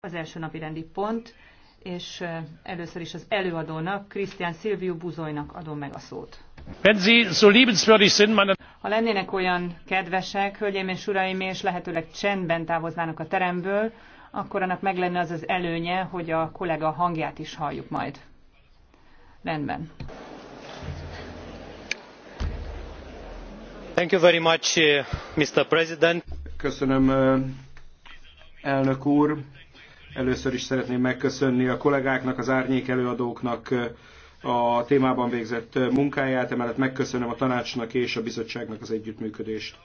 az első napi rendi pont, és először is az előadónak, Krisztián Szilvió Buzoynak adom meg a szót. Ha lennének olyan kedvesek, hölgyeim és uraim, és lehetőleg csendben távoznának a teremből, akkor annak meg lenne az az előnye, hogy a kollega hangját is halljuk majd. Rendben. Thank you very much, eh, Mr. President. Köszönöm, eh, elnök úr. Először is szeretném megköszönni a kollégáknak, az árnyék előadóknak eh, a témában végzett eh, munkáját, emellett megköszönöm a tanácsnak és a bizottságnak az együttműködést.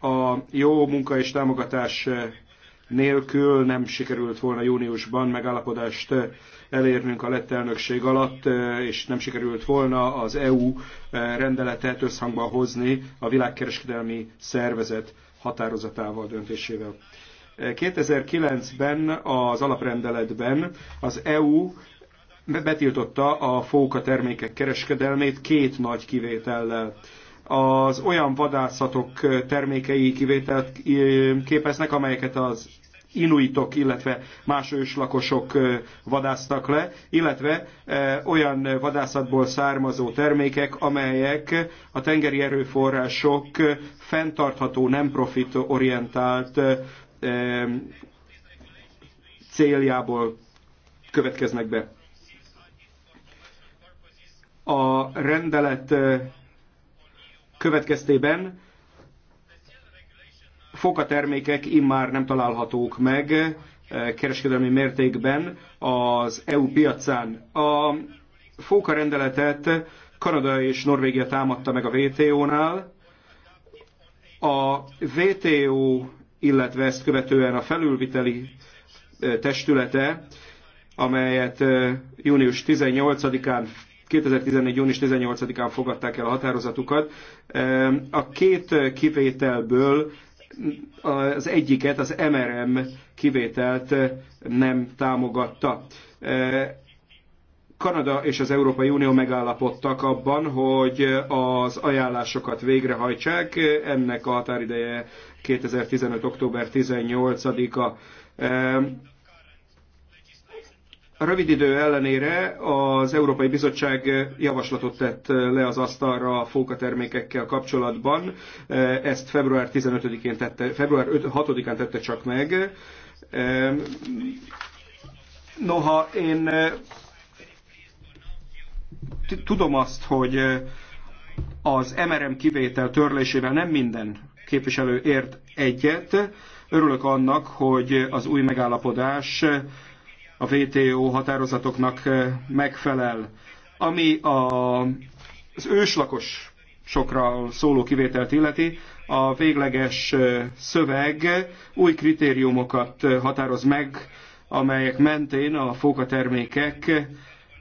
A jó munka és támogatás eh, nélkül nem sikerült volna júniusban megállapodást elérnünk a lett elnökség alatt, és nem sikerült volna az EU rendeletet összhangba hozni a világkereskedelmi szervezet határozatával, döntésével. 2009-ben az alaprendeletben az EU betiltotta a fóka termékek kereskedelmét két nagy kivétellel. Az olyan vadászatok termékei kivételt képeznek, amelyeket az inuitok, illetve más őslakosok vadásztak le, illetve olyan vadászatból származó termékek, amelyek a tengeri erőforrások fenntartható, nem profit orientált céljából következnek be. A rendelet eh, következtében fokatermékek immár nem találhatók meg eh, kereskedelmi mértékben az EU piacán. A fóka rendeletet Kanada és Norvégia támadta meg a WTO-nál. A WTO illetve ezt követően a felülviteli testülete, amelyet június 18-án 2014. június 18-án fogadták el a határozatukat. A két kivételből az egyiket, az MRM kivételt nem támogatta. Kanada és az Európai Unió megállapodtak abban, hogy az ajánlásokat végrehajtsák. Ennek a határideje 2015. október 18-a. A rövid idő ellenére az Európai Bizottság javaslatot tett le az asztalra a fókatermékekkel kapcsolatban. Ezt február 15-én tette, február 6-án tette csak meg. Noha én tudom azt, hogy az MRM kivétel törlésével nem minden képviselő ért egyet. Örülök annak, hogy az új megállapodás a WTO határozatoknak megfelel. Ami a, az őslakos sokra szóló kivételt illeti, a végleges szöveg új kritériumokat határoz meg, amelyek mentén a fókatermékek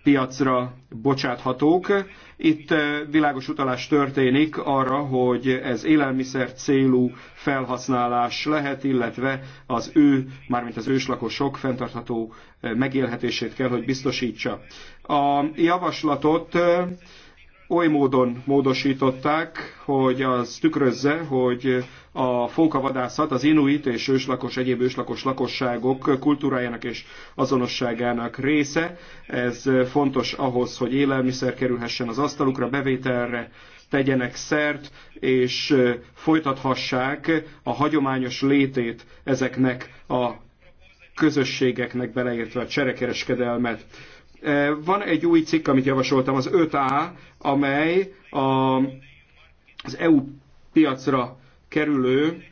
piacra bocsáthatók. Itt eh, világos utalás történik arra, hogy ez élelmiszer célú felhasználás lehet, illetve az ő, mármint az őslakosok fenntartható eh, megélhetését kell, hogy biztosítsa. A javaslatot eh, oly módon módosították, hogy az tükrözze, hogy a fókavadászat az inuit és őslakos, egyéb őslakos lakosságok kultúrájának és azonosságának része. Ez fontos ahhoz, hogy élelmiszer kerülhessen az asztalukra, bevételre tegyenek szert, és folytathassák a hagyományos létét ezeknek a közösségeknek, beleértve a cserekereskedelmet. Van egy új cikk, amit javasoltam, az 5A, amely a, az EU piacra kerülő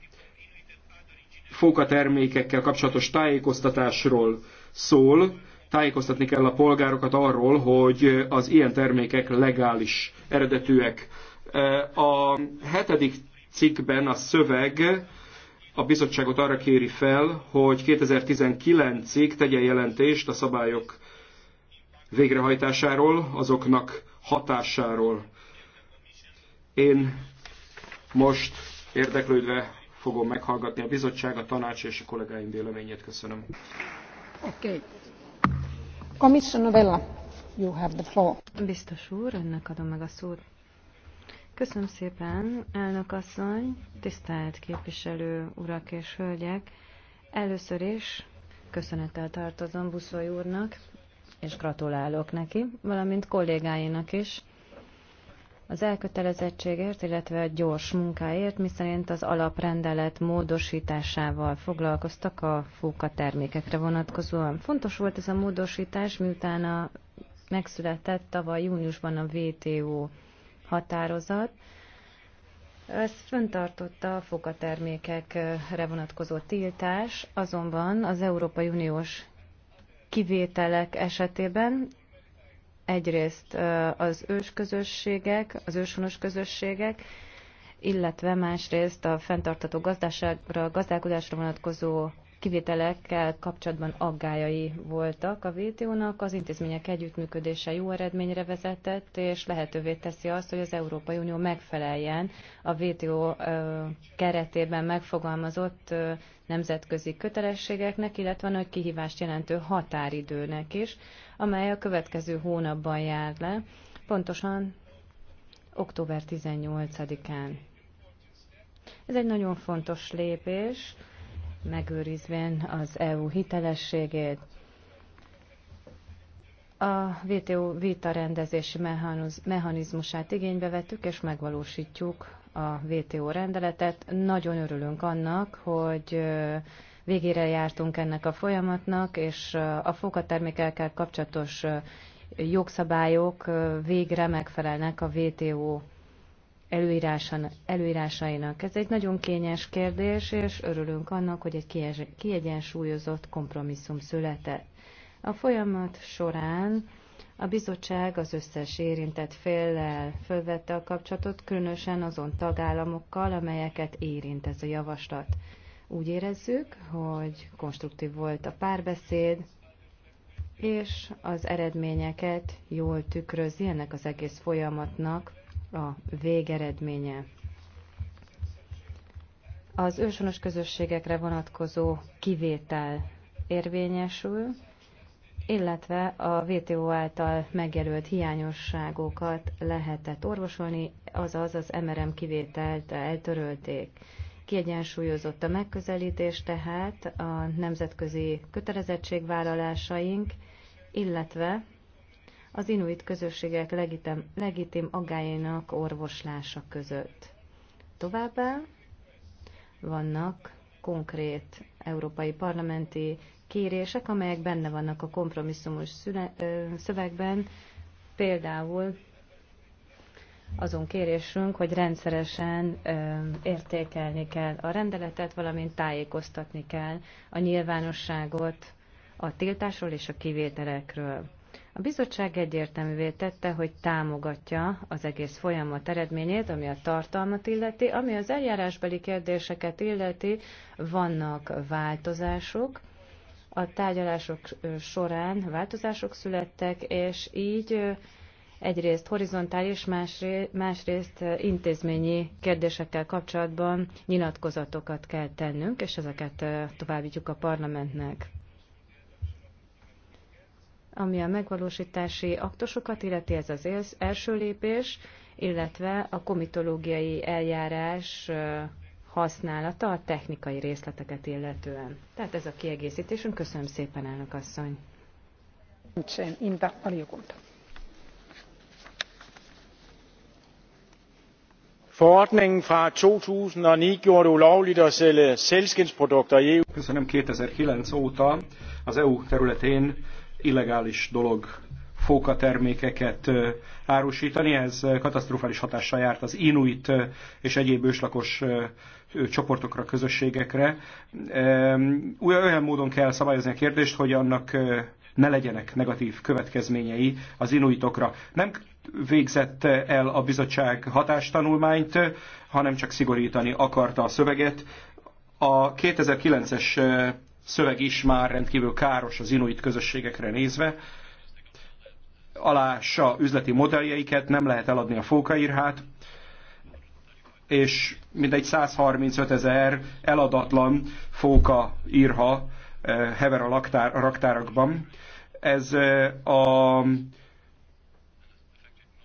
fókatermékekkel kapcsolatos tájékoztatásról szól. Tájékoztatni kell a polgárokat arról, hogy az ilyen termékek legális eredetűek. E, a hetedik cikkben a szöveg a bizottságot arra kéri fel, hogy 2019-ig tegyen jelentést a szabályok végrehajtásáról, azoknak hatásáról. Én most Érdeklődve fogom meghallgatni a bizottság, a tanács és a kollégáim véleményét. Köszönöm. Okay. Commissioner you have the floor. Biztos úr, önnek adom meg a szót. Köszönöm szépen, elnök asszony, tisztelt képviselő urak és hölgyek. Először is köszönettel tartozom Buszoly úrnak, és gratulálok neki, valamint kollégáinak is, az elkötelezettségért, illetve a gyors munkáért, miszerint az alaprendelet módosításával foglalkoztak a fóka termékekre vonatkozóan. Fontos volt ez a módosítás, miután a megszületett tavaly júniusban a WTO határozat. Ez föntartotta a fokatermékekre vonatkozó tiltás, azonban az Európai Uniós kivételek esetében Egyrészt az ősközösségek, az őshonos közösségek, illetve másrészt a fenntartató gazdaságra, gazdálkodásra vonatkozó kivételekkel kapcsolatban aggályai voltak a WTO-nak, az intézmények együttműködése jó eredményre vezetett, és lehetővé teszi azt, hogy az Európai Unió megfeleljen a WTO keretében megfogalmazott nemzetközi kötelességeknek, illetve nagy kihívást jelentő határidőnek is, amely a következő hónapban jár le, pontosan október 18-án. Ez egy nagyon fontos lépés, megőrizvén az EU hitelességét. A WTO vita rendezési mechanizmusát igénybe vettük, és megvalósítjuk a WTO rendeletet. Nagyon örülünk annak, hogy végére jártunk ennek a folyamatnak, és a fogatermékekkel kapcsolatos jogszabályok végre megfelelnek a WTO előírásainak. Ez egy nagyon kényes kérdés, és örülünk annak, hogy egy kiegyensúlyozott kompromisszum született. A folyamat során a bizottság az összes érintett féllel fölvette a kapcsolatot, különösen azon tagállamokkal, amelyeket érint ez a javaslat. Úgy érezzük, hogy konstruktív volt a párbeszéd, és az eredményeket jól tükrözi ennek az egész folyamatnak a végeredménye. Az őshonos közösségekre vonatkozó kivétel érvényesül, illetve a VTO által megjelölt hiányosságokat lehetett orvosolni, azaz az MRM kivételt eltörölték. Kiegyensúlyozott a megközelítés tehát a nemzetközi kötelezettségvállalásaink, illetve az inuit közösségek legitim, legitim aggájainak orvoslása között. Továbbá vannak konkrét európai parlamenti kérések, amelyek benne vannak a kompromisszumos szüle, ö, szövegben, például azon kérésünk, hogy rendszeresen ö, értékelni kell a rendeletet, valamint tájékoztatni kell a nyilvánosságot a tiltásról és a kivételekről. A bizottság egyértelművé tette, hogy támogatja az egész folyamat eredményét, ami a tartalmat illeti, ami az eljárásbeli kérdéseket illeti, vannak változások. A tárgyalások során változások születtek, és így egyrészt horizontális, másrészt intézményi kérdésekkel kapcsolatban nyilatkozatokat kell tennünk, és ezeket továbbítjuk a parlamentnek ami a megvalósítási aktusokat illeti, ez az első lépés, illetve a komitológiai eljárás használata a technikai részleteket illetően. Tehát ez a kiegészítésünk. Köszönöm szépen, elnök asszony. Forordningen fra 2009 gjorde ulovligt at sælge sælskindsprodukter i EU. Köszönöm 2009 óta az EU területén illegális dolog fókatermékeket árusítani. Ez katasztrofális hatással járt az inuit és egyéb őslakos csoportokra, közösségekre. Olyan módon kell szabályozni a kérdést, hogy annak ne legyenek negatív következményei az inuitokra. Nem végzett el a bizottság hatástanulmányt, hanem csak szigorítani akarta a szöveget. A 2009-es szöveg is már rendkívül káros az inuit közösségekre nézve, alássa üzleti modelljeiket, nem lehet eladni a fókairhát, és mindegy 135 ezer eladatlan fóka írha eh, hever a, laktár, a raktárakban. Ez eh, a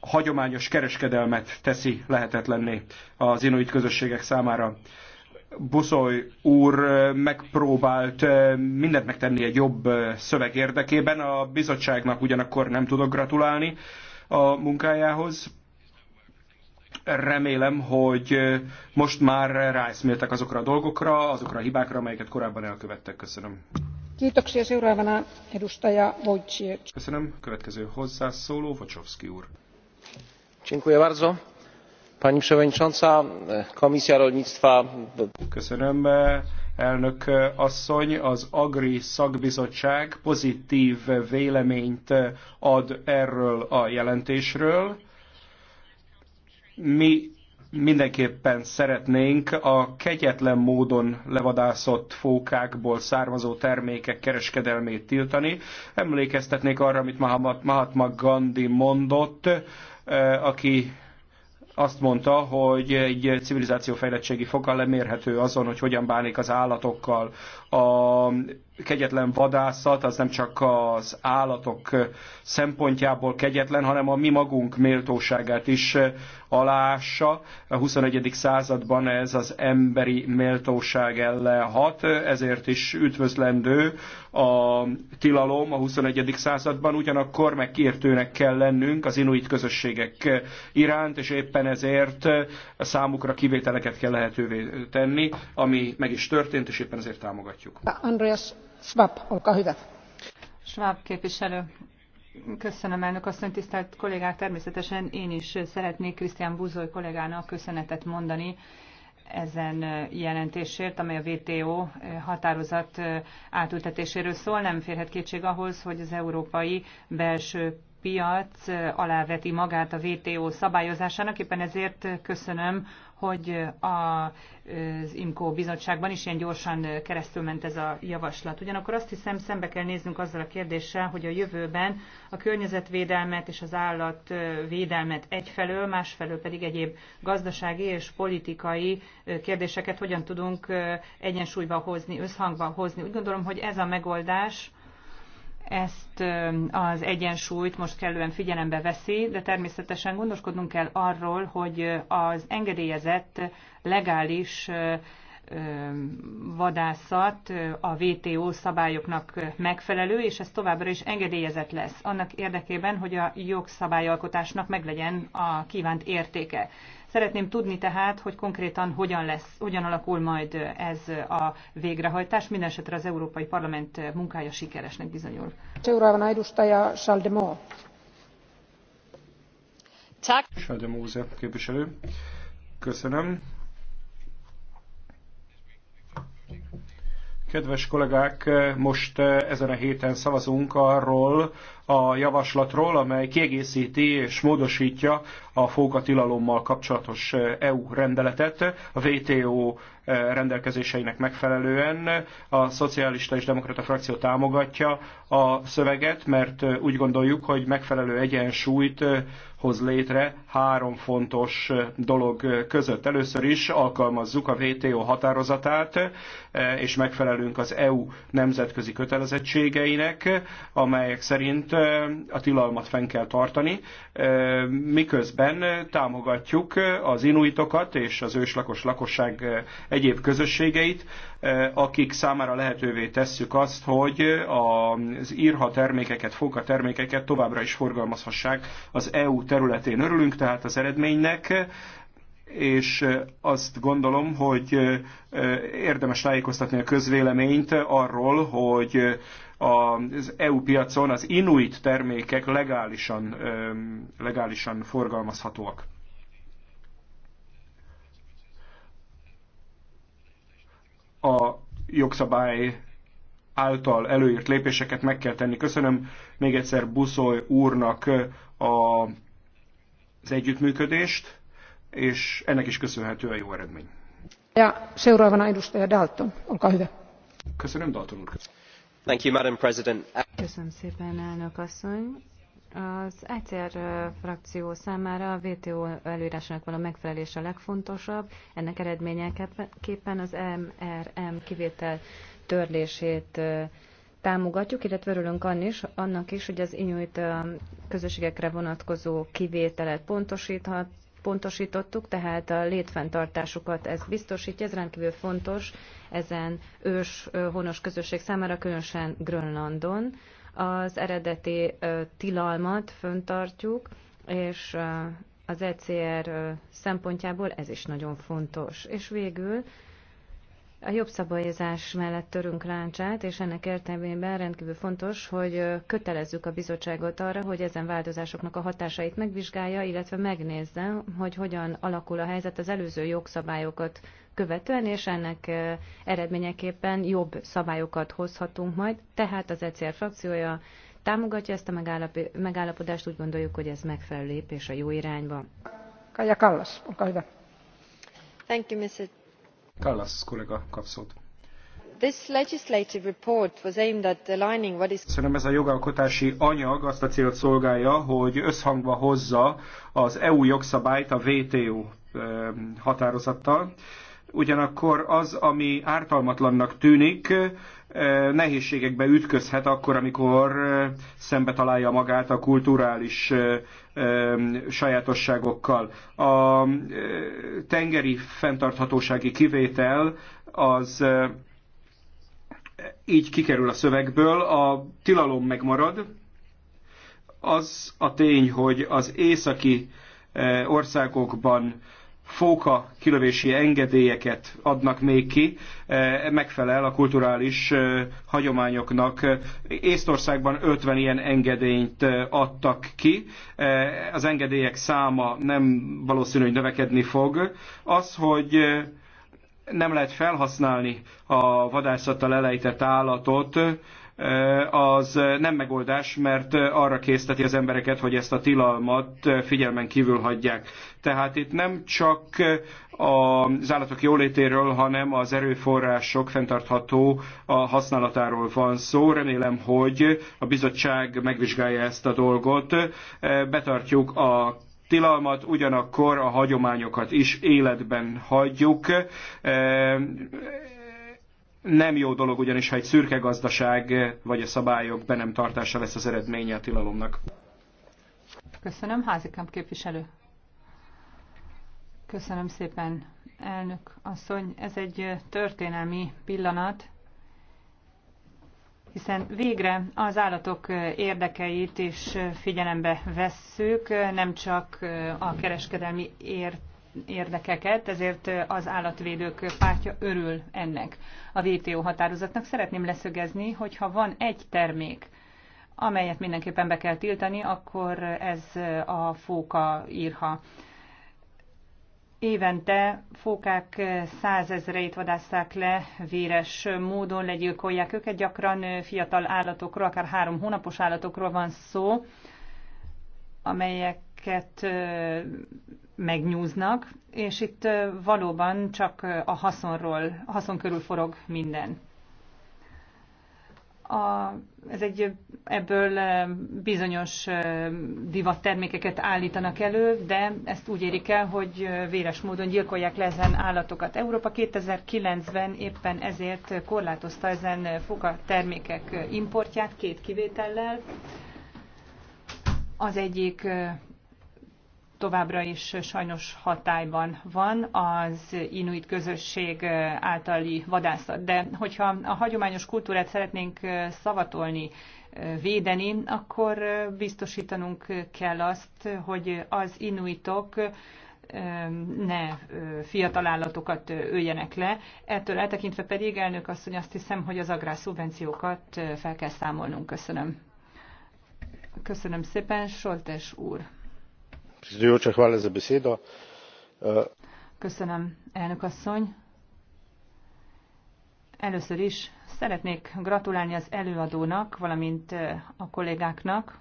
hagyományos kereskedelmet teszi lehetetlenné az inuit közösségek számára. Buszoly úr megpróbált mindent megtenni egy jobb szöveg érdekében. A bizottságnak ugyanakkor nem tudok gratulálni a munkájához. Remélem, hogy most már ráeszméltek azokra a dolgokra, azokra a hibákra, amelyeket korábban elkövettek. Köszönöm. edustaja Köszönöm. Következő hozzászóló úr. Dziękuję bardzo pani przewodnicząca! komisja rolnictwa. köszönöm elnök asszony az agri szakbizottság pozitv véleményt ad erről a jelentésről. mi mindenképpen szeretnénk a kegyetlen módon levadászott fókákból származó termékek kereskedelmét tiltani. Emlékeztetnék arra, amit Mahatma Gandhi mondott, eh, aki azt mondta, hogy egy civilizáció fejlettségi fokkal lemérhető azon, hogy hogyan bánik az állatokkal. A kegyetlen vadászat az nem csak az állatok szempontjából kegyetlen, hanem a mi magunk méltóságát is aláássa. A 21. században ez az emberi méltóság ellen hat, ezért is üdvözlendő a tilalom a 21. században, ugyanakkor megkértőnek kell lennünk az inuit közösségek iránt, és éppen ezért a számukra kivételeket kell lehetővé tenni, ami meg is történt, és éppen ezért támogatjuk. Andreas schwab képviselő köszönöm elnök asszony tisztelt kollégák természetesen én is szeretnék Krisztián buoi kollégának köszönetet mondani ezen jelentésért, amely a WTO határozat átültetéséről szól. Nem férhet kétség ahhoz, hogy az európai belső piac aláveti magát a WTO szabályozásának. Éppen ezért köszönöm hogy az IMCO bizottságban is ilyen gyorsan keresztül ment ez a javaslat. Ugyanakkor azt hiszem, szembe kell néznünk azzal a kérdéssel, hogy a jövőben a környezetvédelmet és az állatvédelmet egyfelől, másfelől pedig egyéb gazdasági és politikai kérdéseket hogyan tudunk egyensúlyba hozni, összhangba hozni. Úgy gondolom, hogy ez a megoldás, ezt az egyensúlyt most kellően figyelembe veszi, de természetesen gondoskodnunk kell arról, hogy az engedélyezett legális vadászat a WTO szabályoknak megfelelő, és ez továbbra is engedélyezett lesz, annak érdekében, hogy a jogszabályalkotásnak meglegyen a kívánt értéke. Szeretném tudni tehát, hogy konkrétan hogyan lesz, hogyan alakul majd ez a végrehajtás. Mindenesetre az Európai Parlament munkája sikeresnek bizonyul. Seuraavana edustaja Saldemo. Tak. Saldemóze képviselő. Köszönöm. Kedves kollégák, most eh, ezen a héten szavazunk arról, a javaslatról, amely kiegészíti és módosítja a fókatilalommal kapcsolatos EU eh, e rendeletet a WTO eh, rendelkezéseinek megfelelően. A szocialista és demokrata frakció támogatja a szöveget, mert eh, úgy gondoljuk, hogy megfelelő egyensúlyt hoz létre három fontos dolog között. Először is alkalmazzuk a WTO határozatát, és megfelelünk az EU nemzetközi kötelezettségeinek, amelyek szerint a tilalmat fenn kell tartani, miközben támogatjuk az inuitokat és az őslakos lakosság egyéb közösségeit, akik számára lehetővé tesszük azt, hogy az írha termékeket, foka termékeket továbbra is forgalmazhassák az EU területén. Örülünk tehát az eredménynek, és azt gondolom, hogy érdemes tájékoztatni a közvéleményt arról, hogy az EU piacon az inuit termékek legálisan, legálisan forgalmazhatóak. A jogszabály által előírt lépéseket meg kell tenni. Köszönöm még egyszer Buszoly úrnak a, az együttműködést és ennek is köszönhető a jó eredmény. Ja, seuraavana edustaja Dalton, olkaa hyvä. Köszönöm, Dalton úr. Thank you, Madam President. Köszönöm szépen, elnök asszony. Az ECR frakció számára a WTO előírásának való megfelelés a legfontosabb. Ennek eredményeképpen az MRM kivétel törlését támogatjuk, illetve örülünk annak is, hogy az inuit közösségekre vonatkozó kivételet pontosíthat, pontosítottuk, tehát a létfenntartásukat ez biztosítja, ez rendkívül fontos ezen ős honos közösség számára, különösen Grönlandon. Az eredeti tilalmat föntartjuk, és az ECR szempontjából ez is nagyon fontos. És végül a jobb szabályozás mellett törünk láncsát, és ennek értelmében rendkívül fontos, hogy kötelezzük a bizottságot arra, hogy ezen változásoknak a hatásait megvizsgálja, illetve megnézze, hogy hogyan alakul a helyzet az előző jogszabályokat követően, és ennek eredményeképpen jobb szabályokat hozhatunk majd. Tehát az ECR frakciója támogatja ezt a megállapodást, úgy gondoljuk, hogy ez megfelelő lépés a jó irányba. Kaja Kallas, Thank you, Mrs. Kallas kollega kap szót. This legislative report was aimed at aligning what is... Szerintem ez a jogalkotási anyag azt a célt szolgálja, hogy összhangba hozza az EU jogszabályt a WTO határozattal. Ugyanakkor az, ami ártalmatlannak tűnik, nehézségekbe ütközhet akkor, amikor szembe találja magát a kulturális sajátosságokkal. A tengeri fenntarthatósági kivétel az így kikerül a szövegből, a tilalom megmarad, az a tény, hogy az északi országokban fóka kilövési engedélyeket adnak még ki, e, megfelel a kulturális e, hagyományoknak. Észtországban 50 ilyen engedélyt e, adtak ki. Az engedélyek száma nem valószínű, hogy növekedni fog. Az, hogy nem lehet felhasználni a vadászattal elejtett állatot, az nem megoldás, mert arra készteti az embereket, hogy ezt a tilalmat figyelmen kívül hagyják. Tehát itt nem csak az állatok jólétéről, hanem az erőforrások fenntartható használatáról van szó. Remélem, hogy a bizottság megvizsgálja ezt a dolgot. Betartjuk a tilalmat, ugyanakkor a hagyományokat is életben hagyjuk nem jó dolog ugyanis, ha egy szürke gazdaság vagy a szabályok be nem tartása lesz az eredménye a tilalomnak. Köszönöm, házikamp képviselő. Köszönöm szépen, elnök asszony. Ez egy történelmi pillanat, hiszen végre az állatok érdekeit is figyelembe vesszük, nem csak a kereskedelmi ért érdekeket, ezért az állatvédők pártja örül ennek a WTO határozatnak. Szeretném leszögezni, hogy ha van egy termék, amelyet mindenképpen be kell tiltani, akkor ez a fóka írha. Évente fókák százezreit vadásszák le véres módon, legyilkolják őket, gyakran fiatal állatokról, akár három hónapos állatokról van szó, amelyeket megnyúznak, és itt valóban csak a haszonról, a haszon körül forog minden. A, ez egy, ebből bizonyos divattermékeket állítanak elő, de ezt úgy érik el, hogy véres módon gyilkolják le ezen állatokat. Európa 2009-ben éppen ezért korlátozta ezen foga termékek importját két kivétellel. Az egyik továbbra is sajnos hatályban van az inuit közösség általi vadászat. De hogyha a hagyományos kultúrát szeretnénk szavatolni, védeni, akkor biztosítanunk kell azt, hogy az inuitok ne fiatal állatokat öljenek le. Ettől eltekintve pedig, elnök asszony, azt hiszem, hogy az agrárszubvenciókat fel kell számolnunk. Köszönöm. Köszönöm szépen, Soltes úr. Eh, Köszönöm, elnök asszony. Először is szeretnék gratulálni az előadónak, valamint eh, a kollégáknak,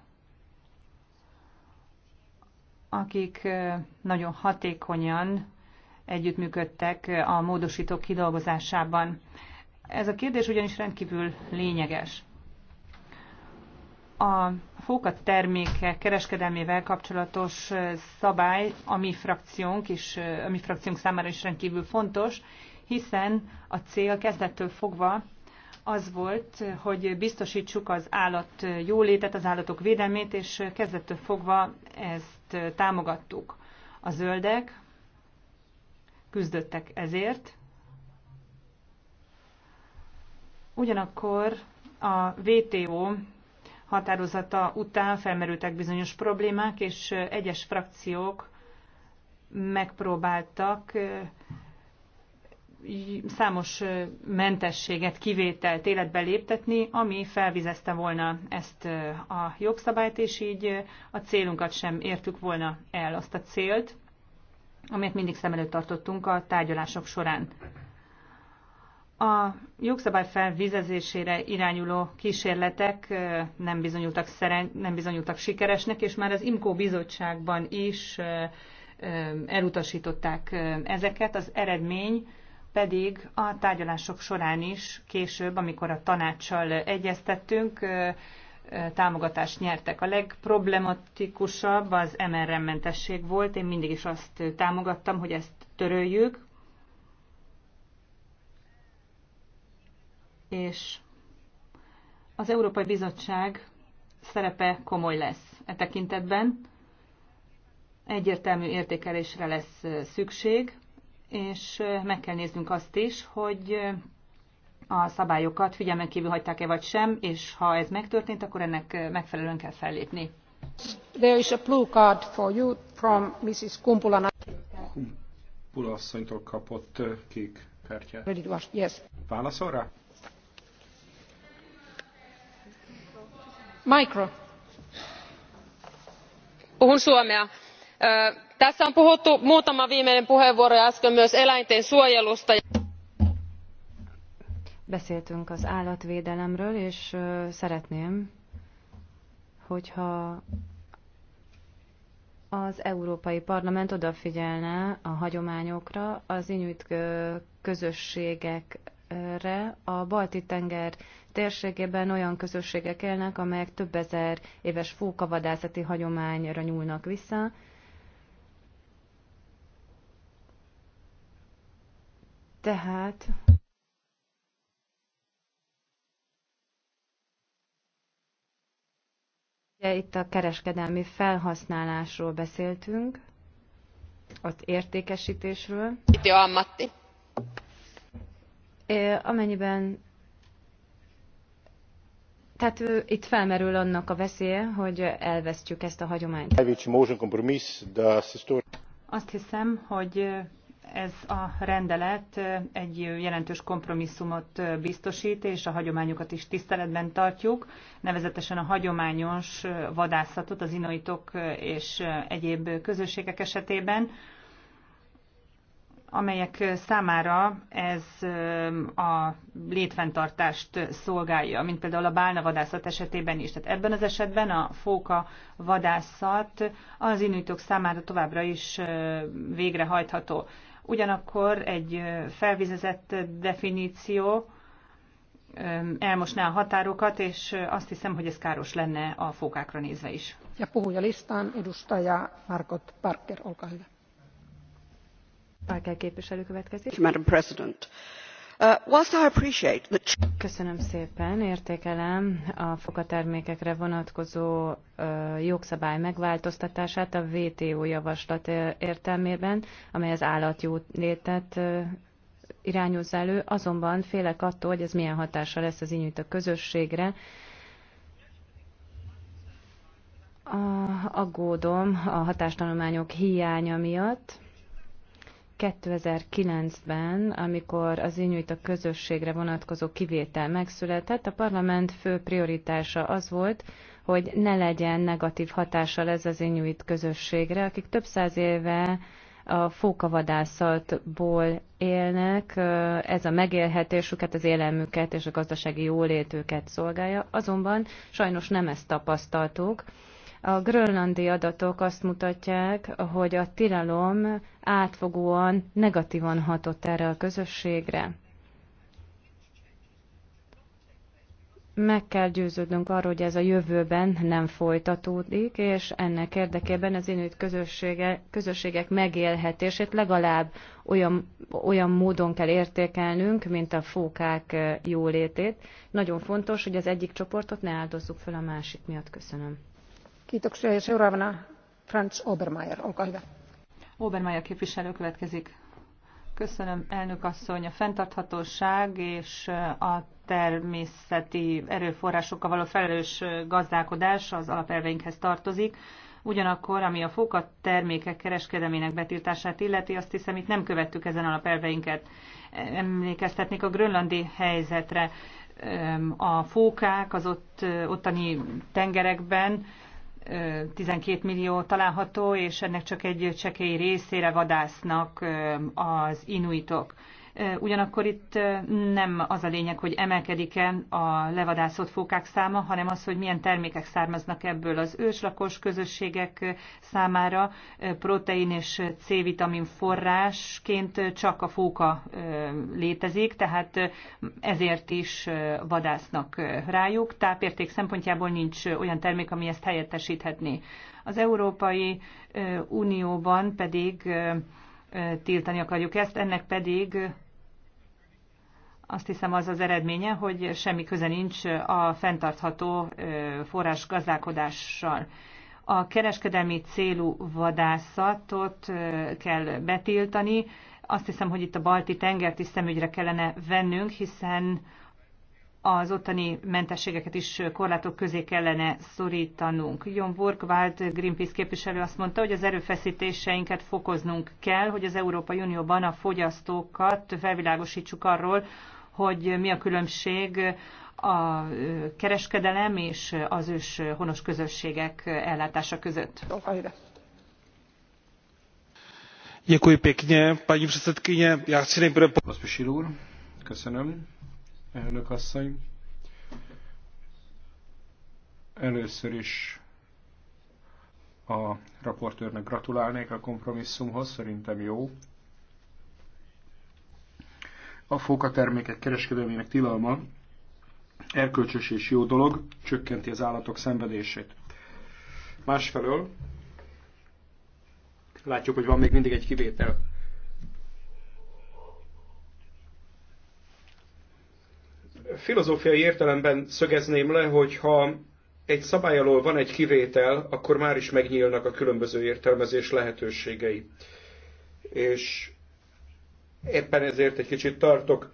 akik eh, nagyon hatékonyan együttműködtek a módosítók kidolgozásában. Ez a kérdés ugyanis rendkívül lényeges. A fókat terméke kereskedelmével kapcsolatos szabály a mi frakciónk, és a mi frakciónk számára is rendkívül fontos, hiszen a cél kezdettől fogva az volt, hogy biztosítsuk az állat jólétet, az állatok védelmét, és kezdettől fogva ezt támogattuk. A zöldek küzdöttek ezért. Ugyanakkor a WTO határozata után felmerültek bizonyos problémák, és egyes frakciók megpróbáltak számos mentességet, kivételt életbe léptetni, ami felvizezte volna ezt a jogszabályt, és így a célunkat sem értük volna el, azt a célt, amit mindig szem előtt tartottunk a tárgyalások során. A jogszabály felvizezésére irányuló kísérletek nem bizonyultak, szeren, nem bizonyultak sikeresnek, és már az IMCO bizottságban is elutasították ezeket. Az eredmény pedig a tárgyalások során is később, amikor a tanácssal egyeztettünk, támogatást nyertek. A legproblematikusabb az MRM mentesség volt. Én mindig is azt támogattam, hogy ezt töröljük, és az Európai Bizottság szerepe komoly lesz e tekintetben. Egyértelmű értékelésre lesz szükség, és meg kell néznünk azt is, hogy a szabályokat figyelmen kívül hagyták-e vagy sem, és ha ez megtörtént, akkor ennek megfelelően kell fellépni. There is a blue card for you from Mrs. Kumpula. Kumpula asszonytól kapott kék kártyát. Yes. Válaszol rá? tässä on puhuttu muutama viimeinen puheenvuoro ja äsken myös eläinten suojelusta. beszéltünk az állatvédelemről és szeretném hogyha az Európai Parlament odafigyelne a hagyományokra, az inuit közösségekre, a Balti-tenger térségében olyan közösségek élnek, amelyek több ezer éves fókavadászati hagyományra nyúlnak vissza. Tehát Ugye itt a kereskedelmi felhasználásról beszéltünk, az értékesítésről. Itt a Matti. Eh, amennyiben tehát ő, itt felmerül annak a veszélye, hogy elvesztjük ezt a hagyományt. Azt hiszem, hogy ez a rendelet egy jelentős kompromisszumot biztosít, és a hagyományokat is tiszteletben tartjuk, nevezetesen a hagyományos vadászatot az inoitok és egyéb közösségek esetében, amelyek számára ez a létfenntartást szolgálja, mint például a bálnavadászat esetében is. Tehát ebben az esetben a fóka vadászat az inuitok számára továbbra is végrehajtható. Ugyanakkor egy felvizezett definíció elmosná a határokat, és azt hiszem, hogy ez káros lenne a fókákra nézve is. Ja listán, edustaja Margot Parker, olkaa hyvä Parker képviselő következik. Madam President. Uh, Köszönöm szépen, értékelem a fogatermékekre vonatkozó uh, jogszabály megváltoztatását a WTO javaslat uh, értelmében, amely az állatjólétet irányoz elő, azonban félek attól, hogy ez milyen hatása lesz az inyújt közösségre. A Aggódom a hatástanulmányok hiánya miatt 2009-ben, amikor az inuit közösségre vonatkozó kivétel megszületett, a parlament fő prioritása az volt, hogy ne legyen negatív hatással ez az inuit közösségre, akik több száz éve a fókavadászatból élnek, ez a megélhetésüket, az élelmüket és a gazdasági jólétüket szolgálja, azonban sajnos nem ezt tapasztaltuk. A grönlandi adatok azt mutatják, hogy a tilalom átfogóan negatívan hatott erre a közösségre. meg kell győződnünk arról, hogy ez a jövőben nem folytatódik, és ennek érdekében az inuit közössége, közösségek megélhetését legalább olyan, olyan módon kell értékelnünk, mint a fókák jólétét. Nagyon fontos, hogy az egyik csoportot ne áldozzuk fel a másik miatt. Köszönöm képviselő következik. Köszönöm, A fenntarthatóság és a természeti erőforrásokkal való felelős gazdálkodás az alapelveinkhez tartozik. Ugyanakkor, ami a fókat termékek kereskedelmének betiltását illeti, azt hiszem itt nem követtük ezen alapelveinket. Emlékeztetnék a grönlandi helyzetre. A fókák az ott, ottani tengerekben 12 millió található, és ennek csak egy csekély részére vadásznak az inuitok. Ugyanakkor itt nem az a lényeg, hogy emelkedik-e a levadászott fókák száma, hanem az, hogy milyen termékek származnak ebből az őslakos közösségek számára. Protein és C-vitamin forrásként csak a fóka létezik, tehát ezért is vadásznak rájuk. Tápérték szempontjából nincs olyan termék, ami ezt helyettesíthetné. Az Európai Unióban pedig tiltani akarjuk ezt, ennek pedig azt hiszem az az eredménye, hogy semmi köze nincs a fenntartható forrás gazdálkodással. A kereskedelmi célú vadászatot kell betiltani. Azt hiszem, hogy itt a balti tengert is szemügyre kellene vennünk, hiszen az ottani mentességeket is korlátok közé kellene szorítanunk. Jon Borgwald, Greenpeace képviselő azt mondta, hogy az erőfeszítéseinket fokoznunk kell, hogy az Európai Unióban a fogyasztókat felvilágosítsuk arról, hogy mi a különbség a kereskedelem és az ős honos közösségek ellátása között. Děkuji pěkně, paní předsedkyně. Já chci nejprve... Pospíšil úr, köszönöm. Elnök asszony. Először is a raportőrnek gratulálnék a kompromisszumhoz, szerintem jó a fókatermékek kereskedelmének tilalma erkölcsös és jó dolog, csökkenti az állatok szenvedését. Másfelől látjuk, hogy van még mindig egy kivétel. Filozófiai értelemben szögezném le, hogy ha egy szabály alól van egy kivétel, akkor már is megnyílnak a különböző értelmezés lehetőségei. És Éppen ezért egy kicsit tartok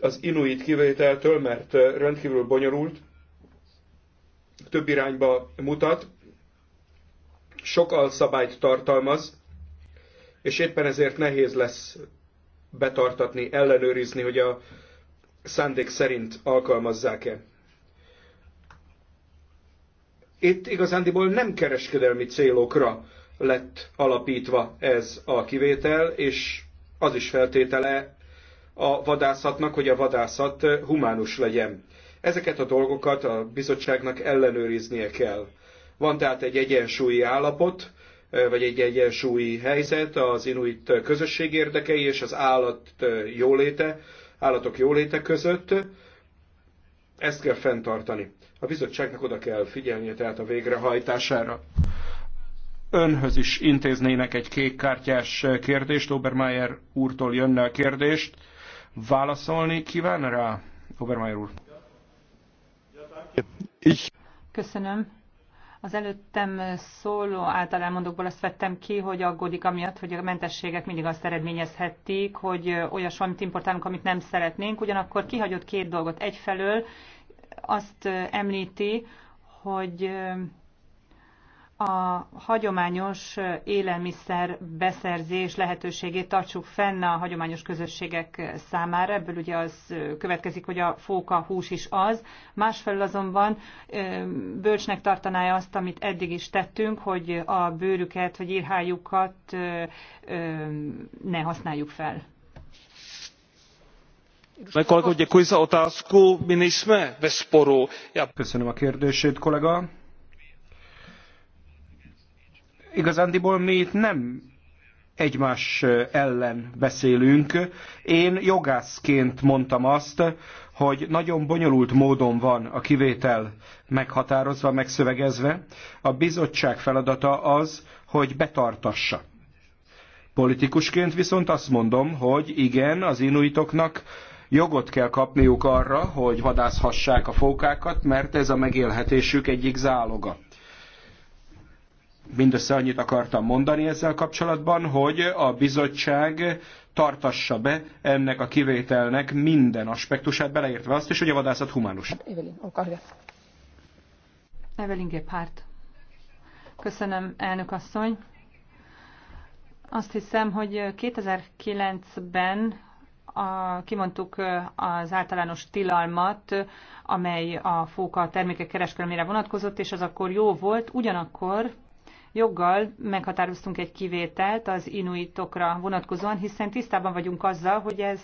az inuit kivételtől, mert rendkívül bonyolult, több irányba mutat, sok alszabályt tartalmaz, és éppen ezért nehéz lesz betartatni, ellenőrizni, hogy a szándék szerint alkalmazzák-e. Itt igazándiból nem kereskedelmi célokra lett alapítva ez a kivétel, és az is feltétele a vadászatnak, hogy a vadászat humánus legyen. Ezeket a dolgokat a bizottságnak ellenőriznie kell. Van tehát egy egyensúlyi állapot, vagy egy egyensúlyi helyzet az inuit közösség érdekei és az állat jóléte, állatok jóléte között. Ezt kell fenntartani. A bizottságnak oda kell figyelnie tehát a végrehajtására önhöz is intéznének egy kékkártyás kérdést. Obermeier úrtól jönne a kérdést. Válaszolni kíván rá, Obermeier úr? Köszönöm. Az előttem szóló által elmondókból azt vettem ki, hogy aggódik amiatt, hogy a mentességek mindig azt eredményezhetik, hogy olyasmit importálunk, amit nem szeretnénk. Ugyanakkor kihagyott két dolgot. Egyfelől azt említi, hogy a hagyományos élelmiszer beszerzés lehetőségét tartsuk fenn a hagyományos közösségek számára. Ebből ugye az következik, hogy a fóka hús is az. Másfelől azonban bölcsnek tartaná azt, amit eddig is tettünk, hogy a bőrüket vagy írhájukat ne használjuk fel. Köszönöm a kérdését, kollega Igazándiból mi itt nem egymás ellen beszélünk. Én jogászként mondtam azt, hogy nagyon bonyolult módon van a kivétel meghatározva, megszövegezve. A bizottság feladata az, hogy betartassa. Politikusként viszont azt mondom, hogy igen, az inuitoknak jogot kell kapniuk arra, hogy vadászhassák a fókákat, mert ez a megélhetésük egyik záloga. Mindössze annyit akartam mondani ezzel kapcsolatban, hogy a bizottság tartassa be ennek a kivételnek minden aspektusát, beleértve azt is, hogy a vadászat humánus. Hát, Evelyn, okarja. Evelyn Gephardt. Köszönöm, elnök asszony. Azt hiszem, hogy 2009-ben a, kimondtuk az általános tilalmat, amely a fóka termékek kereskedelmére vonatkozott, és az akkor jó volt, ugyanakkor Joggal meghatároztunk egy kivételt az inuitokra vonatkozóan, hiszen tisztában vagyunk azzal, hogy ez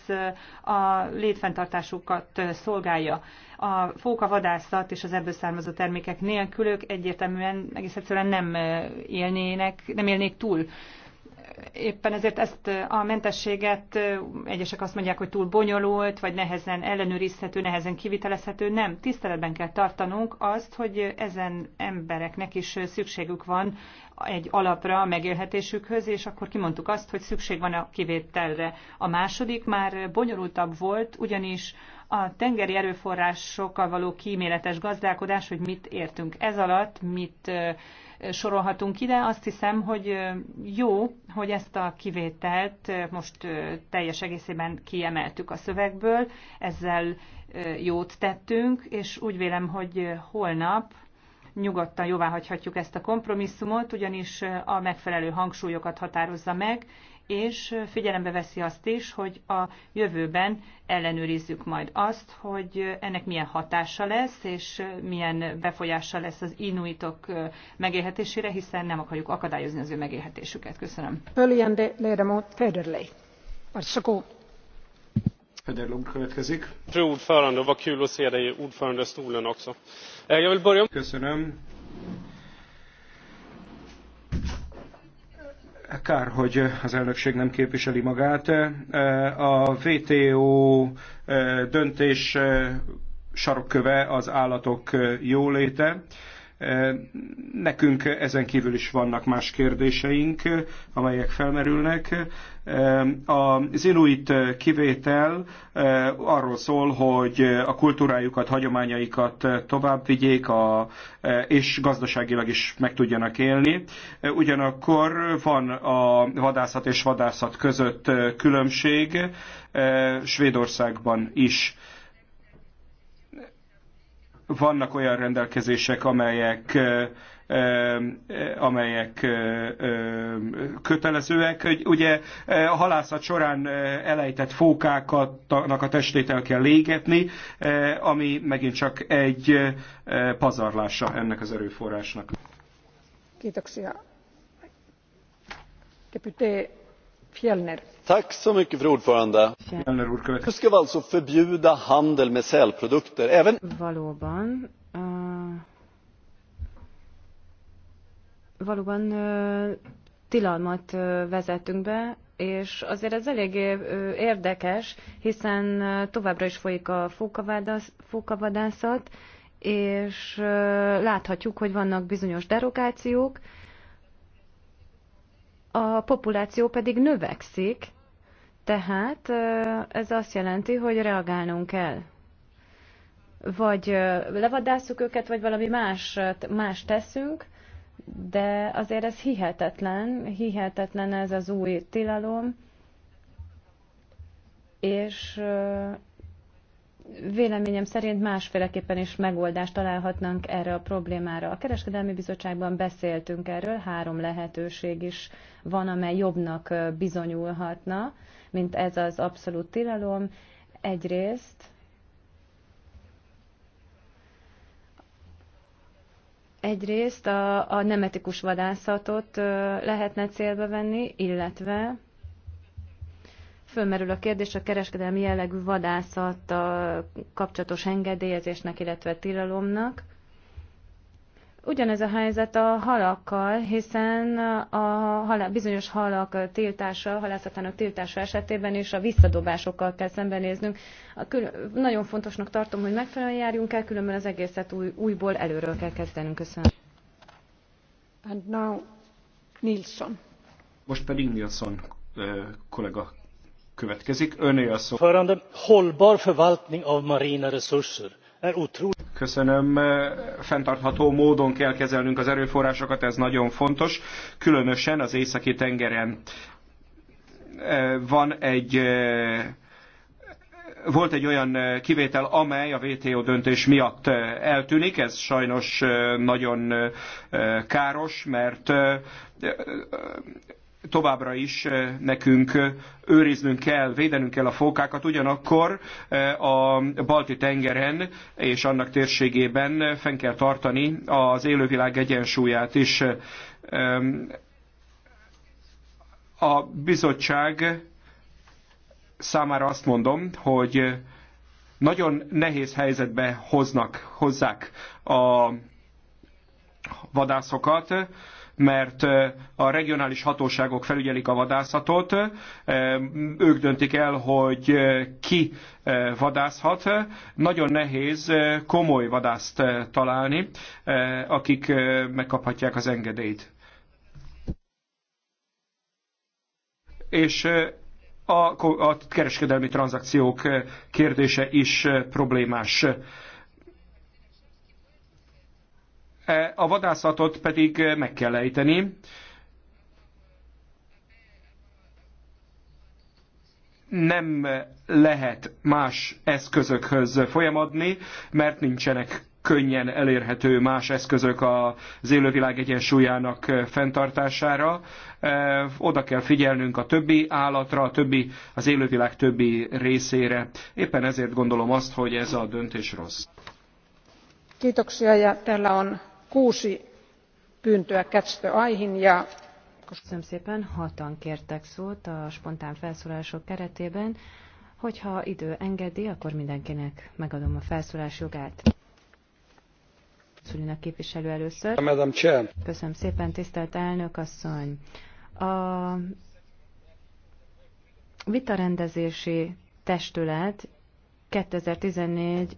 a létfenntartásukat szolgálja. A fókavadászat és az ebből származó termékek nélkülök egyértelműen egész egyszerűen nem élnének, nem élnék túl éppen ezért ezt a mentességet egyesek azt mondják, hogy túl bonyolult, vagy nehezen ellenőrizhető, nehezen kivitelezhető. Nem, tiszteletben kell tartanunk azt, hogy ezen embereknek is szükségük van egy alapra a megélhetésükhöz, és akkor kimondtuk azt, hogy szükség van a kivételre. A második már bonyolultabb volt, ugyanis a tengeri erőforrásokkal való kíméletes gazdálkodás, hogy mit értünk ez alatt, mit sorolhatunk ide. Azt hiszem, hogy jó, hogy ezt a kivételt most teljes egészében kiemeltük a szövegből, ezzel jót tettünk, és úgy vélem, hogy holnap nyugodtan jóváhagyhatjuk ezt a kompromisszumot, ugyanis a megfelelő hangsúlyokat határozza meg, és figyelembe veszi azt is, hogy a jövőben ellenőrizzük majd azt, hogy ennek milyen hatása lesz, és milyen befolyása lesz az inuitok megélhetésére, hiszen nem akarjuk akadályozni az ő megélhetésüket. Köszönöm. Federlund következik. Fru ordförande, vad kul att se dig i ordförandestolen också. Eh, Jag vill börja... Köszönöm Kár, hogy az elnökség nem képviseli magát. A WTO eh, döntés eh, sarokköve az állatok eh, jóléte. Nekünk ezen kívül is vannak más kérdéseink, amelyek felmerülnek. Az inuit kivétel eh, arról szól, hogy a kultúrájukat, hagyományaikat tovább vigyék, a, eh, és gazdaságilag is meg tudjanak élni. Ugyanakkor van a vadászat és vadászat között eh, különbség, Svédországban is vannak olyan rendelkezések, amelyek amelyek kötelezőek. Hogy ugye a halászat során elejtett fókáknak a testét el kell légetni, ami megint csak egy pazarlása ennek az erőforrásnak. Kiitoksia. Deputé fru talman! nu ska vi alltså förbjuda handel med sälprodukter. Eh, valóban valóban eh, tilalmat eh, vezetünk be, és azért ez elég érdekes, hiszen továbbra is folyik a fókavadászat, és láthatjuk, hogy vannak bizonyos derogációk, a populáció pedig növekszik, tehát ez azt jelenti, hogy reagálnunk kell. Vagy levadásszuk őket, vagy valami más, más teszünk, de azért ez hihetetlen, hihetetlen ez az új tilalom, és véleményem szerint másféleképpen is megoldást találhatnánk erre a problémára. A Kereskedelmi Bizottságban beszéltünk erről, három lehetőség is van, amely jobbnak bizonyulhatna, mint ez az abszolút tilalom. Egyrészt egyrészt a, a nemetikus vadászatot lehetne célba venni, illetve Fölmerül a kérdés a kereskedelmi jellegű vadászat a kapcsolatos engedélyezésnek, illetve tilalomnak. Ugyanez a helyzet a halakkal, hiszen a halá, bizonyos halak tiltása, halászatának tiltása esetében is a visszadobásokkal kell szembenéznünk. A kül- nagyon fontosnak tartom, hogy megfelelően járjunk el, különben az egészet új, újból előről kell kezdenünk. Köszönöm. And now Nilsson. Most pedig Nilsson kollega következik. Öné a szó. Hållbar förvaltning av marina resurser. Köszönöm. Fentartható módon kell kezelnünk az erőforrásokat, ez nagyon fontos, különösen az északi tengeren. E, van egy e, volt egy olyan e, kivétel, amely a WTO döntés miatt eltűnik, ez sajnos nagyon káros, mert továbbra is eh, nekünk eh, őriznünk kell, védenünk kell a fókákat, ugyanakkor eh, a balti tengeren és annak térségében fenn kell tartani az élővilág egyensúlyát is. A bizottság számára azt mondom, hogy nagyon nehéz helyzetbe hoznak, hozzák a vadászokat, mert a regionális hatóságok felügyelik a vadászatot, ők döntik el, hogy ki vadászhat. Nagyon nehéz komoly vadászt találni, akik megkaphatják az engedélyt. És a, kereskedelmi tranzakciók kérdése is problémás. E, a vadászatot pedig e, meg kell ejteni. Nem lehet más eszközökhöz folyamodni, mert nincsenek könnyen elérhető más eszközök az élővilág egyensúlyának fenntartására. E, oda kell figyelnünk a többi állatra, a többi, az élővilág többi részére. Éppen ezért gondolom azt, hogy ez a döntés rossz. Kiitoksia ja on kuusi pyyntöä catch the eye ja Köszönöm szépen, hatan kértek szót a spontán felszólások keretében. Hogyha idő engedi, akkor mindenkinek megadom a felszólás jogát. Szülinek képviselő először. Madam Chair. Köszönöm szépen, tisztelt elnök asszony. A vitarendezési testület 2014.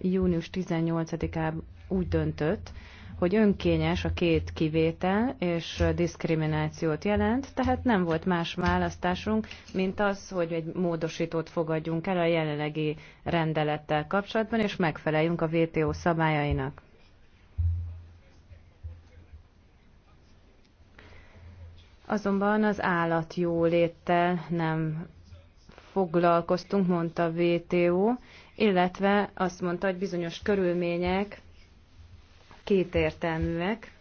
június 18-án úgy döntött, hogy önkényes a két kivétel és diszkriminációt jelent, tehát nem volt más választásunk, mint az, hogy egy módosítót fogadjunk el a jelenlegi rendelettel kapcsolatban, és megfeleljünk a VTO szabályainak. Azonban az állat jóléttel nem foglalkoztunk, mondta a VTO, illetve azt mondta, hogy bizonyos körülmények kétértelműek,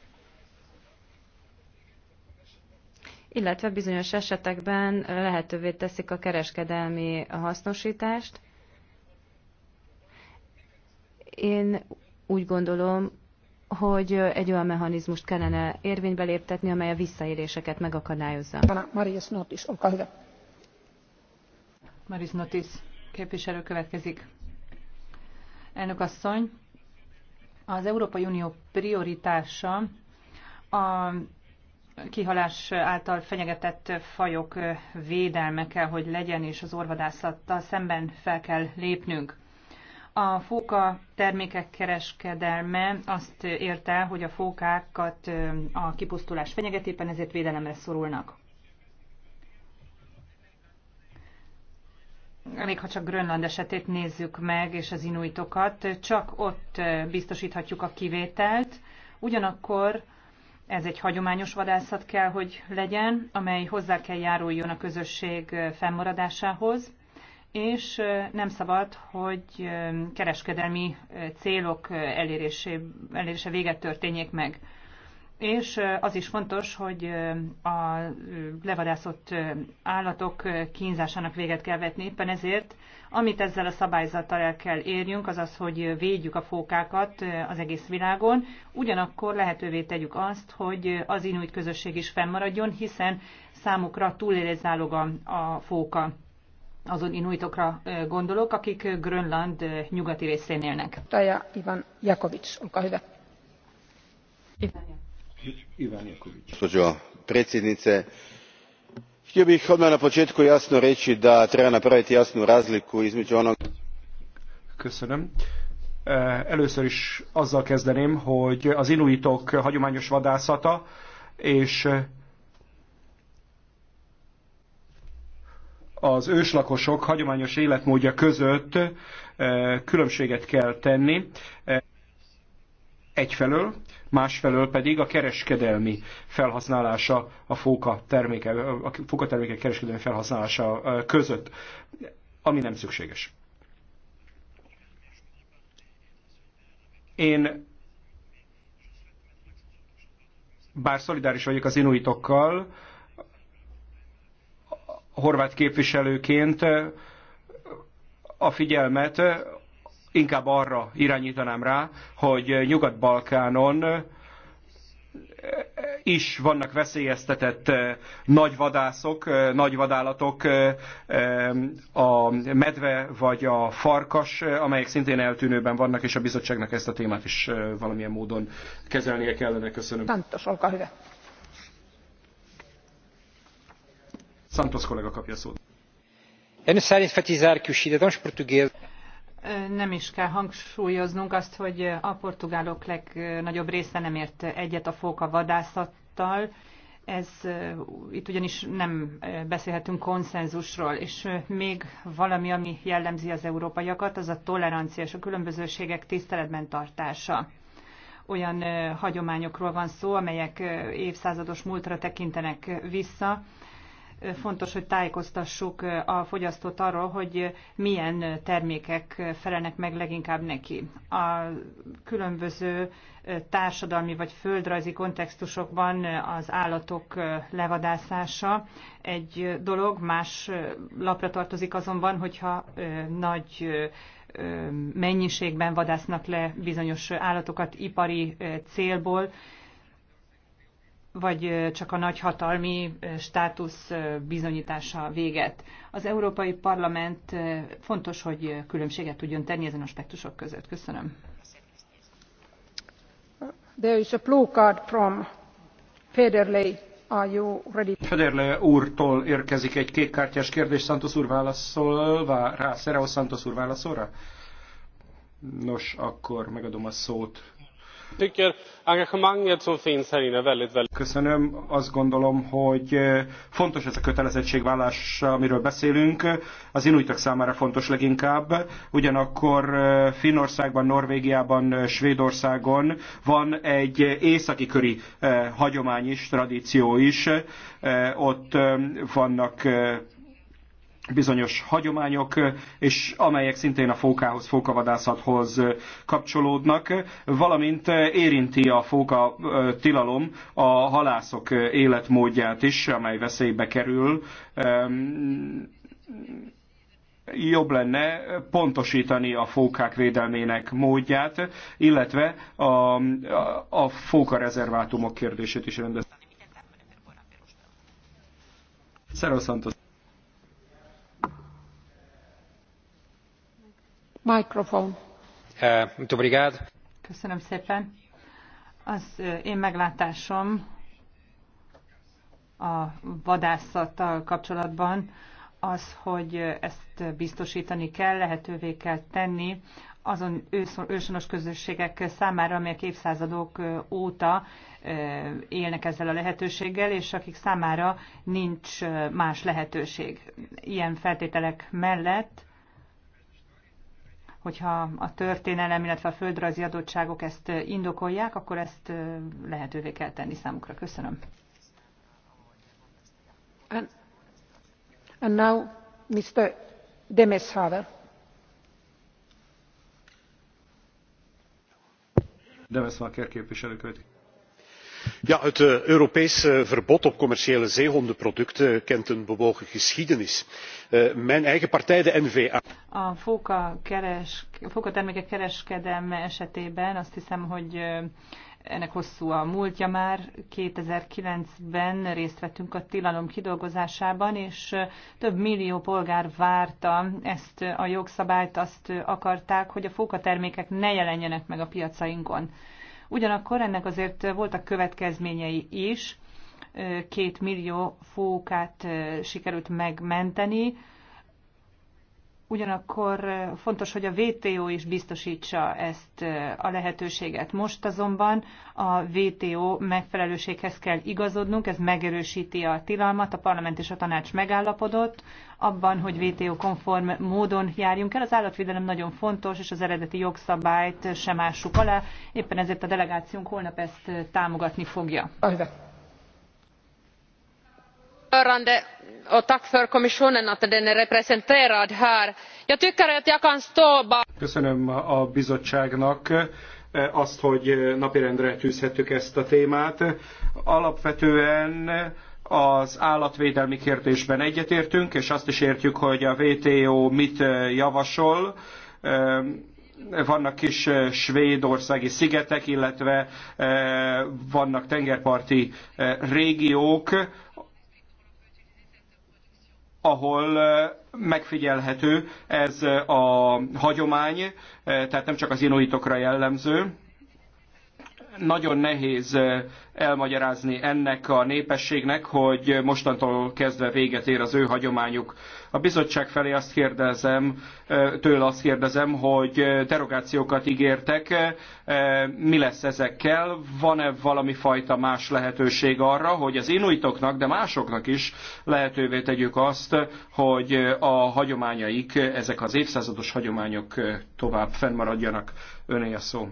illetve bizonyos esetekben lehetővé teszik a kereskedelmi hasznosítást. Én úgy gondolom, hogy egy olyan mechanizmust kellene érvénybe léptetni, amely a visszaéléseket megakadályozza. Marius Notis, Maris Notis, képviselő következik. Elnök asszony, az Európai Unió prioritása a kihalás által fenyegetett fajok védelme kell, hogy legyen, és az orvadászattal szemben fel kell lépnünk. A fóka termékek kereskedelme azt érte, hogy a fókákat a kipusztulás fenyegetében, ezért védelemre szorulnak. még ha csak Grönland esetét nézzük meg, és az inuitokat, csak ott biztosíthatjuk a kivételt. Ugyanakkor ez egy hagyományos vadászat kell, hogy legyen, amely hozzá kell járuljon a közösség fennmaradásához, és nem szabad, hogy kereskedelmi célok elérése, elérése véget történjék meg és az is fontos, hogy a levadászott állatok kínzásának véget kell vetni. Éppen ezért, amit ezzel a szabályzattal el kell érjünk, az az, hogy védjük a fókákat az egész világon, ugyanakkor lehetővé tegyük azt, hogy az inuit közösség is fennmaradjon, hiszen számukra túlélés záloga a fóka. Azon inuitokra gondolok, akik Grönland nyugati részén élnek. Taja Ivan Jakovics, olkaa hyvä. Ivan gospođo predsjednice htio bih odmah na početku jasno reći da treba napraviti jasnu razliku između onoga. köszönöm. E, először is azzal kezdeném, hogy az inuitok hagyományos vadászata és e, az őslakosok hagyományos életmódja között e, különbséget kell tenni egyfelől, másfelől pedig a kereskedelmi felhasználása a fóka, terméke, a fóka termékek kereskedelmi felhasználása között, ami nem szükséges. Én bár szolidáris vagyok az inuitokkal, horvát képviselőként a figyelmet inkább arra irányítanám rá, hogy Nyugat-Balkánon eh, is vannak veszélyeztetett eh, nagy vadászok, eh, nagy vadállatok, a medve vagy a farkas, amelyek szintén eltűnőben vannak, és a bizottságnak ezt a témát is valamilyen módon kezelnie kellene. Köszönöm. Santos, olka Santos kollega kapja szót. Én szerint enfatizar que os cidadãos portugueses nem is kell hangsúlyoznunk azt, hogy a portugálok legnagyobb része nem ért egyet a fóka vadászattal. Ez, itt ugyanis nem beszélhetünk konszenzusról, és még valami, ami jellemzi az európaiakat, az a tolerancia és a különbözőségek tiszteletben tartása olyan hagyományokról van szó, amelyek évszázados múltra tekintenek vissza, fontos, hogy tájékoztassuk a fogyasztót arról, hogy milyen termékek felelnek meg leginkább neki. A különböző társadalmi vagy földrajzi kontextusokban az állatok levadászása egy dolog, más lapra tartozik azonban, hogyha nagy mennyiségben vadásznak le bizonyos állatokat ipari célból, vagy csak a nagyhatalmi státusz bizonyítása véget. Az Európai Parlament fontos, hogy különbséget tudjon tenni ezen a spektusok között. Köszönöm. There is a blue card from Federley. Are you ready? Federle úrtól érkezik egy kékkártyás kérdés. Santos úr válaszol rá. Szereo Santos úr válaszol rá? Nos, akkor megadom a szót Köszönöm. Azt gondolom, hogy eh, fontos ez a kötelezettségvállás, amiről beszélünk. Az inuitok számára fontos leginkább. Ugyanakkor eh, Finnországban, Norvégiában, eh, Svédországon van egy északi köri hagyomány is, tradíció is. Ott vannak bizonyos hagyományok, és amelyek szintén a fókához, fókavadászathoz kapcsolódnak, valamint érinti a fóka tilalom a halászok életmódját is, amely veszélybe kerül. Jobb lenne pontosítani a fókák védelmének módját, illetve a, a, a fóka rezervátumok kérdését is rendezni. Szeroszantos. Eh, Köszönöm szépen. az én meglátásom a vadászattal kapcsolatban az, hogy ezt biztosítani kell, lehetővé kell tenni azon őshonos közösségek számára, amelyek évszázadok óta élnek ezzel a lehetőséggel, és akik számára nincs más lehetőség. Ilyen feltételek mellett hogyha a történelem, illetve a földrajzi adottságok ezt indokolják, akkor ezt lehetővé kell tenni számukra. Köszönöm. And, and now, Mr. Demes Demeshaver képviselő követi het eh, europees eh, verbod op commerciële zeehondenproducten kent een bewogen geschiedenis. Eh, mijn eigen partij de n va. a fókatermékek kereskedelme esetében azt hiszem hogy ennek hosszú a múltja már. two thousand and nine ben részt vettünk a tilalom kidolgozásában, és több millió polgár várta ezt a jogszabályt, azt akarták, hogy a fókatermékek ne jelenjenek meg a piacainkon. Ugyanakkor ennek azért voltak következményei is, két millió fókát sikerült megmenteni, Ugyanakkor fontos, hogy a WTO is biztosítsa ezt a lehetőséget. Most azonban a WTO megfelelőséghez kell igazodnunk, ez megerősíti a tilalmat, a parlament és a tanács megállapodott abban, hogy WTO-konform módon járjunk el. Az állatvédelem nagyon fontos, és az eredeti jogszabályt sem ássuk alá, éppen ezért a delegációnk holnap ezt támogatni fogja. Ajde talman! tack för kommissionen att den är representerad här. Jag tycker att jag kan stå Köszönöm a bizottságnak eh, azt, hogy eh, napirendre tűzhettük ezt a témát. Alapvetően az állatvédelmi kérdésben egyetértünk, és azt is értjük, hogy a WTO mit eh, javasol vannak kis svédországi szigetek, illetve vannak tengerparti régiók, ahol megfigyelhető ez a hagyomány, tehát nem csak az inuitokra jellemző, nagyon nehéz eh, elmagyarázni ennek a népességnek, hogy mostantól kezdve véget ér az ő hagyományuk. A bizottság felé azt kérdezem, eh, tőle azt kérdezem, hogy eh, derogációkat ígértek, mi lesz ezekkel, van-e valami fajta más lehetőség arra, hogy az inuitoknak, de másoknak is lehetővé tegyük azt, hogy a hagyományaik, ezek az évszázados hagyományok tovább fennmaradjanak. Öné a szó.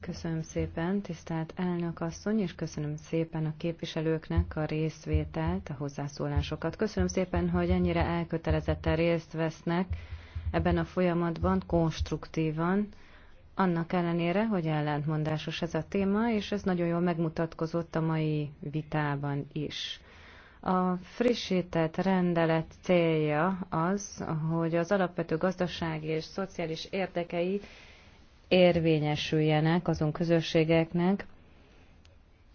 Köszönöm szépen, tisztelt elnök asszony, és köszönöm szépen a képviselőknek a részvételt, a hozzászólásokat. Köszönöm szépen, hogy ennyire elkötelezetten részt vesznek ebben a folyamatban, konstruktívan, annak ellenére, hogy ellentmondásos ez a téma, és ez nagyon jól megmutatkozott a mai vitában is. A frissített rendelet célja az, hogy az alapvető gazdasági és szociális érdekei érvényesüljenek azon közösségeknek,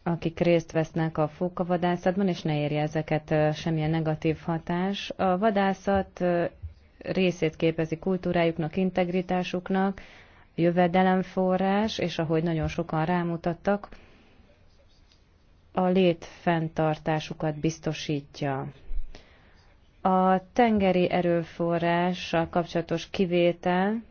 akik részt vesznek a fókavadászatban, és ne érje ezeket semmilyen negatív hatás. A vadászat részét képezi kultúrájuknak, integritásuknak, jövedelemforrás, és ahogy nagyon sokan rámutattak, a létfenntartásukat biztosítja. A tengeri erőforrással kapcsolatos kivétel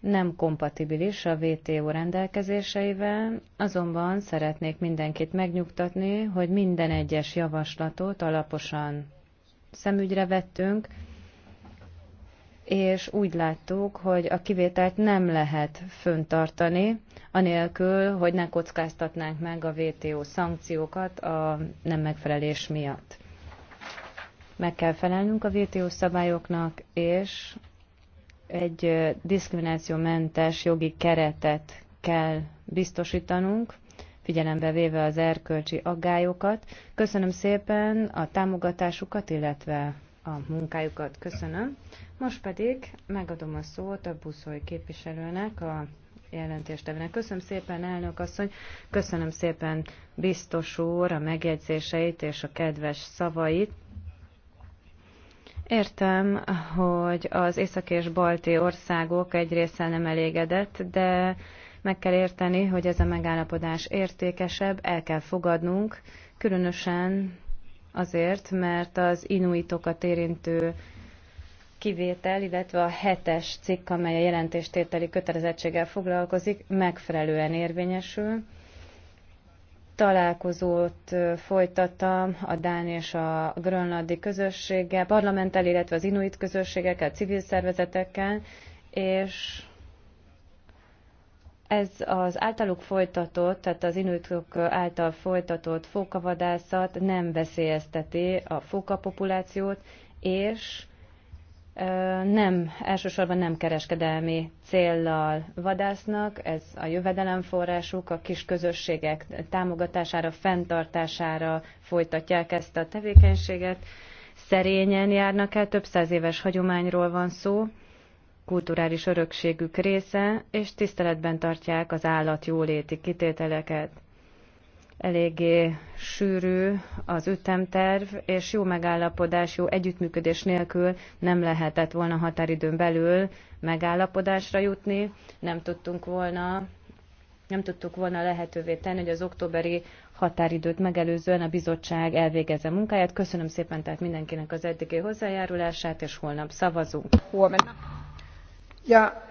nem kompatibilis a WTO rendelkezéseivel, azonban szeretnék mindenkit megnyugtatni, hogy minden egyes javaslatot alaposan szemügyre vettünk, és úgy láttuk, hogy a kivételt nem lehet föntartani, anélkül, hogy ne kockáztatnánk meg a WTO szankciókat a nem megfelelés miatt. Meg kell felelnünk a WTO szabályoknak, és egy diszkriminációmentes jogi keretet kell biztosítanunk, figyelembe véve az erkölcsi aggályokat. Köszönöm szépen a támogatásukat, illetve a munkájukat. Köszönöm. Most pedig megadom a szót a buszói képviselőnek, a jelentéstevőnek. Köszönöm szépen, elnök asszony, köszönöm szépen biztos úr a megjegyzéseit és a kedves szavait. Értem, hogy az észak és balti országok egy része nem elégedett, de meg kell érteni, hogy ez a megállapodás értékesebb, el kell fogadnunk, különösen azért, mert az inuitokat érintő kivétel, illetve a hetes cikk, amely a jelentéstételi kötelezettséggel foglalkozik, megfelelően érvényesül. Találkozót folytattam a Dán és a grönlandi közösséggel, parlamenttel, illetve az inuit közösségekkel, civil szervezetekkel, és ez az általuk folytatott, tehát az inuitok által folytatott fókavadászat nem veszélyezteti a fókapopulációt, és nem, elsősorban nem kereskedelmi céllal vadásznak, ez a jövedelemforrásuk, a kis közösségek támogatására, fenntartására folytatják ezt a tevékenységet. Szerényen járnak el, több száz éves hagyományról van szó, kulturális örökségük része, és tiszteletben tartják az állat jóléti kitételeket eléggé sűrű az ütemterv, és jó megállapodás, jó együttműködés nélkül nem lehetett volna határidőn belül megállapodásra jutni, nem tudtunk volna nem tudtuk volna lehetővé tenni, hogy az októberi határidőt megelőzően a bizottság elvégezze munkáját. Köszönöm szépen tehát mindenkinek az eddigi hozzájárulását, és holnap szavazunk. Ja.